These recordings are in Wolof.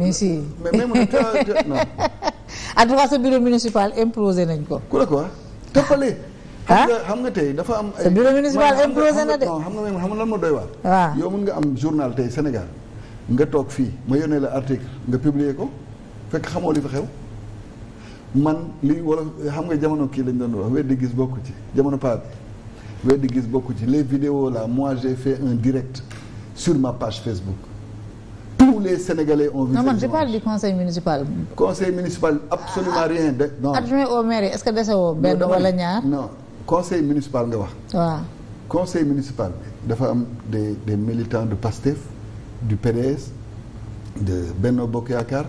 mais si mais même non. en tout cas sa bureau municipal implosé nañ ko. ku la quoi tëppale. ah xam nga tey dafa am. ay sa bureau municipal implosé na de. non xam nga xam nga lan moo doy waar. waaw ah. yow nga am journal tey Sénégal nga toog fii ma yónnee la article nga publier ko fekk xamoo li fa xew. man li wala xam nga jamono kii lañ doon wax weddi gis bokku ci jamono paa bi weddi gis bokku ci les vidéos là moi j'ai fait un direct sur ma page Facebook. tous les Sénégalais ont vu. non man je parle du conseil municipal. conseil municipal absolument ah, rien de. non adjoint maire est-ce que dese woo benn wala ñaar non conseil municipal nga wax. waaw. conseil municipal dafa am des des militants de PASTEF du PDS de benn Bokk Yaakaar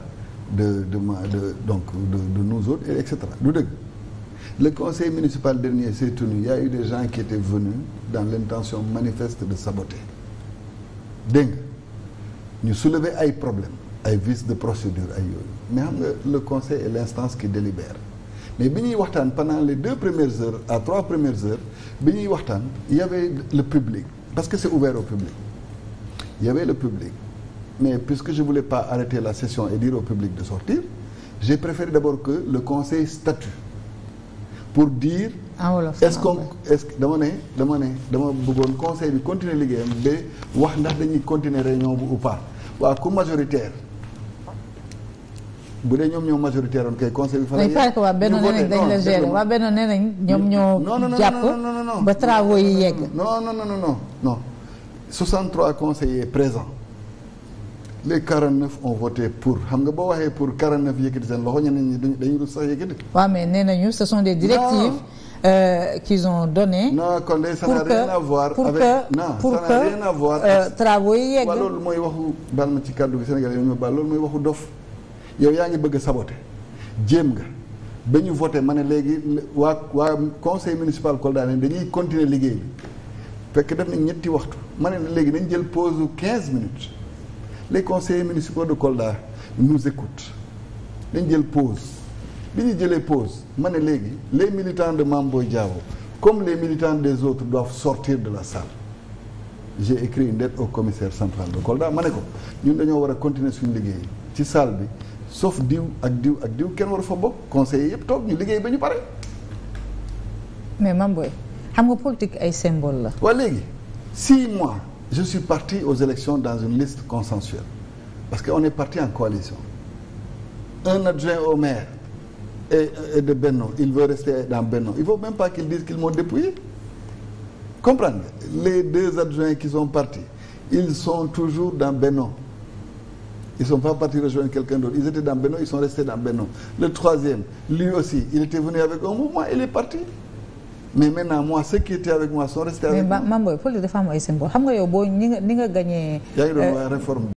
de de de donc de de nous autres et cetera du dëgg. Le conseil municipal dernier s'est tenu, il y a eu des gens qui étaient venus dans l'intention manifeste de saboter. Dégg nga. ñu soulever ay problèmes ay vices de procédure ay yooyu mais xam nga le conseil est l'instance qui délibère mais bi ñuy waxtaan pendant les deux premières heures à trois premières heures bi ñuy waxtaan y avait le public parce que c'est ouvert au public y avait le public mais puisque je voulais pas arrêter la session et dire au public de sortir j'ai préféré d'abord que le conseil statue pour dire en ah, est-ce que est-ce que dama ne dama ne dama bëggoon conseil bi continuer liggéeyam ba wax ndax dañuy continuer réunion bu ou pas waaw ku majoritaire bu dee ñoom ñoo majoritaire woon kay conseil bi. fa la ñu voté waa benn nee nañ dañ ñoom ñoo. jàpp ba travaux yi yegg. non non non non non non 63 conseillers présents. les 49 on voté pour xam nga boo waxee pour 49 yëkkati seen loxo ñeneen ñi dañuy dañuy sax yëkkati. waaw mais nee nañu ce sont des directives. Euh, qu'ils ont donné. non kon ça n'a rien à n'a rien à voir euh, travaux yi yegg. loolu mooy waxu baal ci kàddu gi Sénégal yi ma baal loolu mooy waxu dof yow yaa ngi bëgg a jéem nga ba ñu voté ma ne léegi waa waa conseil municipal Kolda ne dañuy continuer liggéey bi fekk def nañ ñetti waxtu ma ne léegi nañ jël pause su 15 minutes. les conseillers municipaux de Kolda nous écoutent dañ jël pause bi ñu jëlee pause ma ne léegi les militants de Mame Boye Diao comme les militants des autres doivent sortir de la salle j'ai écrit une lettre au commissaire central de Kolda ma ne ko ñun dañoo war a continuer suñu liggéey ci salle bi sauf diw ak diw ak diw kenn waru fa bokk conseillers yëpp toog ñu liggéey ba ñu pare. mais Mame Boye xam nga politique ay symbole la. waa léegi six mois. je suis parti aux élections dans une liste consensuelle parce qu'on est parti en coalition un adjoint au maire est, de Benno il veut rester dans Benno il faut même pas qu'ils disent qu'ils m'ont dépouillé comprendre les deux adjoints qui sont partis ils sont toujours dans Benno ils sont pas partis rejoindre quelqu'un d'autre ils étaient dans Benno ils sont restés dans Benno le troisième lui aussi il était venu avec un mouvement il est parti mais maintenant moi ceux qui étaient avec moi sont restés avec moi. mais Mame Boye politique dafa am ay symbole xam nga yow boo ñi nga ni nga gagné. yaa ngi doon euh, wax réforme